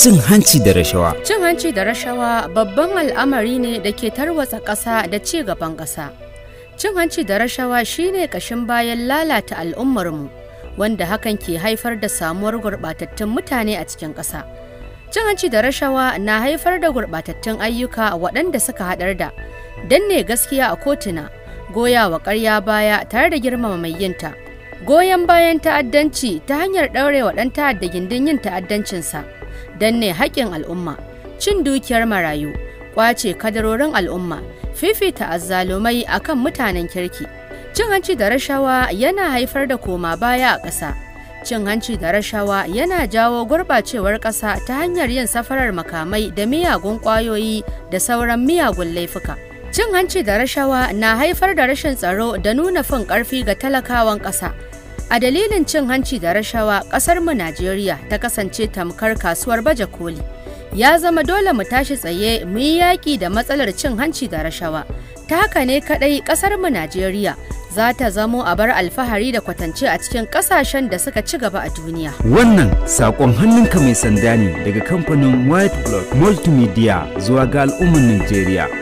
cin hanci da rashawa. Cin hanci da rashawa babban al'amari ne da ke tarwatsa ƙasa da ci gaban ƙasa. Cin hanci da rashawa shine ƙashin bayan lalata al'ummarmu wanda hakan ke haifar da samuwar gurɓatattun mutane a cikin ƙasa. Cin hanci da rashawa na haifar da gurɓatattun ayyuka waɗanda suka haɗar da danne gaskiya a kotuna, goya wa ƙarya baya tare da girmama mai yinta. goyon bayan ta'addanci ta hanyar ɗaurewa ɗan ta'adda gindin yin ta'addancinsa Don ne haƙƙin al'umma cin dukiyar marayu kwace kadarorin al'umma fifita azzalumai akan mutanen kirki cin hanci da rashawa yana haifar da koma baya a ƙasa cin hanci da rashawa yana jawo gurɓacewar ƙasa ta hanyar yin safarar makamai da miyagun ƙwayoyi da sauran miyagun laifuka. Cin hanci da rashawa na haifar da rashin tsaro da nuna fin ƙarfi ga talakawan ƙasa. A dalilin cin hanci da rashawa, mu Najeriya ta kasance tamkar kasuwar baje koli. Ya zama dole mu tashi tsaye mu yi yaƙi da matsalar cin hanci da rashawa. Ta haka ne kaɗai mu Najeriya za ta zamo a bar alfahari da kwatance a cikin ƙasashen da suka ci gaba a duniya. Wannan saƙon hannunka mai sanda ne daga kamfanin White Blood Multimedia zuwa ga al'ummar Najeriya.